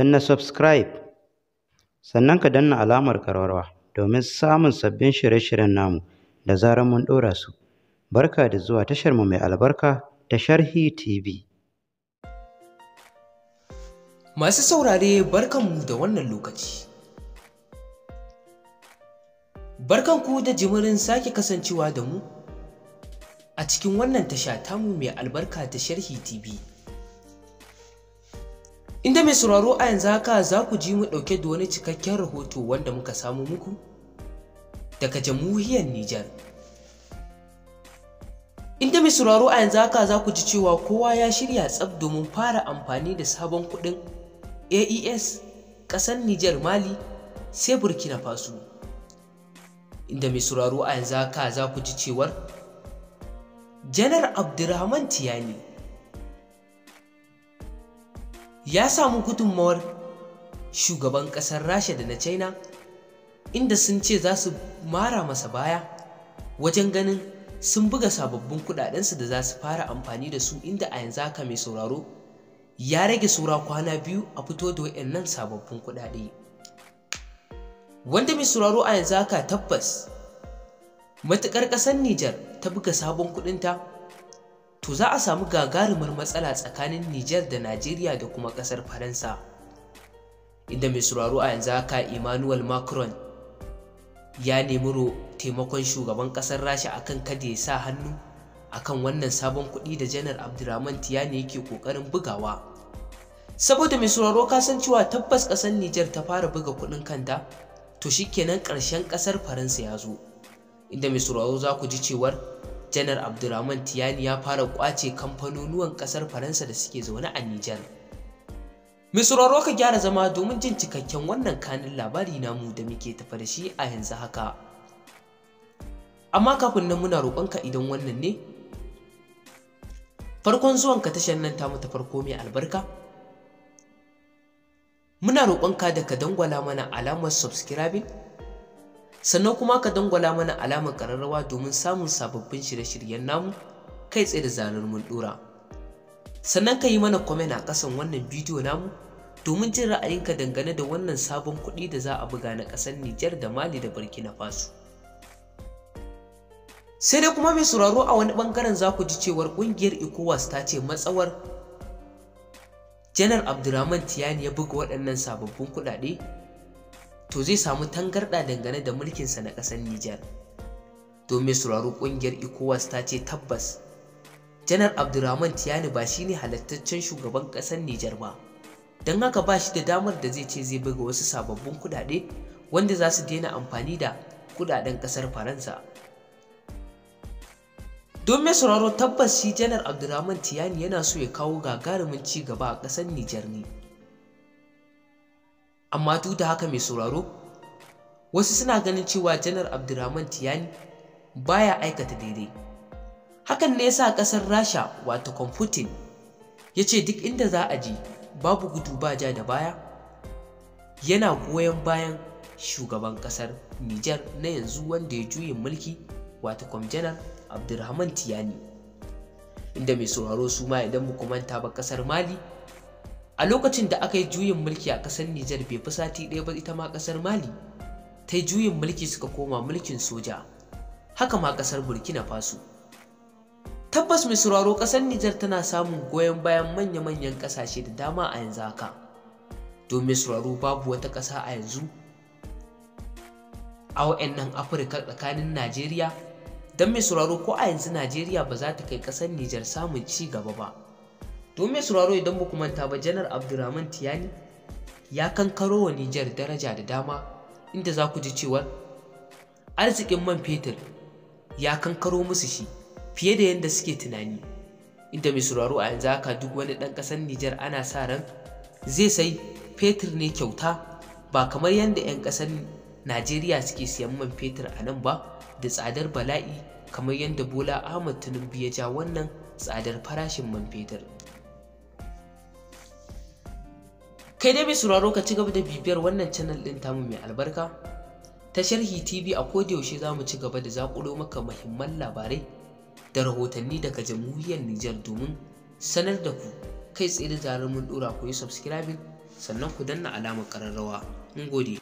na subscribe sannan ka danna alamar karwarwa domin samun sabbin shirye-shiryen namu da zarar mun ɗora su barka da zuwa tashar mu mai albarka ta sharhi tv masu saurare barkanmu da wannan lokaci barkanku da jimirin sake kasancewa da mu a cikin wannan tasha tamu mai albarka ta sharhi tv inda mai sauraro a yanzu haka za ku ji mu ɗauke da wani cikakken rahoto wanda muka samu muku daga jamhuriyar Nijar. Inda mai sauraro a yanzu haka za ku ji cewa kowa ya shirya tsab domin fara amfani da sabon kuɗin AES ƙasar Nijar Mali sai Burkina Faso. Inda mai sauraro a yanzu haka za ku ji cewar Janar Abdurrahman Tiyani ya samu gudunmawar shugaban ƙasar rasha da na china inda sun ce za su mara masa baya wajen ganin sun buga sababbin kudadensu da za su fara amfani da su inda a yanzu haka mai sauraro ya rage saura kwana biyu a fito da waɗannan sababbin kudade wanda mai sauraro a yanzu haka tabbas matuƙar ƙasar Nijar ta buga sabon kuɗinta to za a samu gagarumar matsala tsakanin Nijar da Najeriya da kuma ƙasar Faransa. Inda mai sauraro a yanzu haka Emmanuel Macron ya nemi taimakon shugaban ƙasar Rasha akan kada ya sa hannu akan wannan sabon kuɗi da Janar Abdurrahman Tiyani yake ƙoƙarin bugawa. Saboda mai sauraro ka san cewa tabbas ƙasar Nijar ta fara buga kuɗin kanta, to shikenan ƙarshen ƙasar Faransa ya zo. Inda mai sauraro za ku ji cewar janar abdulrahman tiyani ya fara kwace kamfanonuwan kasar faransa da suke zaune a nijar misrarro ka gyara zama domin jin cikakken wannan kanin labari namu da muke tafa da shi a yanzu haka amma kafin nan muna roƙonka idan wannan ne farkon zuwanka tashar nan ta mata farko mai albarka muna roƙonka da ka dangwala mana alamar subscribing sannan kuma ka dangwala mana alamar ƙararrawa domin samun sababbin shirye-shiryen namu kai tsaye da zanen mun ɗora sannan ka yi mana komen a ƙasan wannan bidiyo namu domin jin ra'ayinka dangane da wannan sabon kuɗi da za a buga na ƙasar Nijar da Mali da Burkina Faso. Sai dai kuma mai sauraro a wani ɓangaren za ku ji cewar ƙungiyar ECOWAS ta ce matsawar Janar abdulrahman Tiyani ya buga waɗannan sababbin kuɗaɗe to zai samu tangarɗa dangane da mulkinsa na ƙasar Nijar. Domin sauraro ƙungiyar ECOWAS ta ce tabbas, Janar Abdulrahman Tiyani ba shi ne halattaccen shugaban ƙasar Nijar ba, don haka ba shi da damar da zai ce zai buga wasu sababbin kuɗaɗe wanda za su daina amfani da kuɗaɗen ƙasar Faransa. Domin sauraro tabbas shi Janar Abdulrahman Tiyani yana so ya kawo gagarumin ci gaba a ƙasar Nijar ne. amma duk da haka mai sauraro wasu suna ganin cewa janar abdurrahman tiyani baya aikata daidai hakan ne yasa ƙasar rasha wato putin ya ce duk inda za a je babu gudu ba ja da baya yana goyon bayan shugaban ƙasar Nijar na yanzu wanda ya juyin mulki wato janar abdurrahman tiyani inda mai sauraro su ma idan muku manta ba ƙasar mali a lokacin da aka yi juyin mulki a ƙasar Nijar bai fi sati ɗaya ba ita ma ƙasar Mali ta yi juyin mulki suka koma mulkin soja haka ma ƙasar Burkina Faso tabbas mai sauraro ƙasar Nijar tana samun goyon bayan manya-manyan ƙasashe da dama a yanzu haka domin sauraro babu wata ƙasa a yanzu a wa'annan Afirka tsakanin Najeriya don mai sauraro ko a yanzu Najeriya ba za ta kai ƙasar Nijar samun ci gaba ba. to mai sauraro idan ba ku manta ba janar Abdulrahman tiyani ya kankaro wa nijar daraja da dama inda za ku ji cewar arzikin man fetur ya kankaro musu shi fiye da yadda suke tunani inda mai sauraro a yanzu haka duk wani ɗan ƙasar nijar ana sa ran zai sai fetur ne kyauta ba kamar yadda 'yan ƙasar najeriya suke siyan man fetur a nan ba da tsadar bala'i kamar yadda bola ahmad tinubu ya ja wannan tsadar farashin man fetur kai dai mai sauraro ka ci gaba da bibiyar wannan channel din tamu mai albarka ta sharhi tv a kodayaushe za mu ci gaba da zakulo maka muhimman labarai da rahotanni daga jamhuriyar nijar domin sanar da ku kai tsaye da zarar mun dora ku yi subscribing sannan ku danna alamar kararrawa mun gode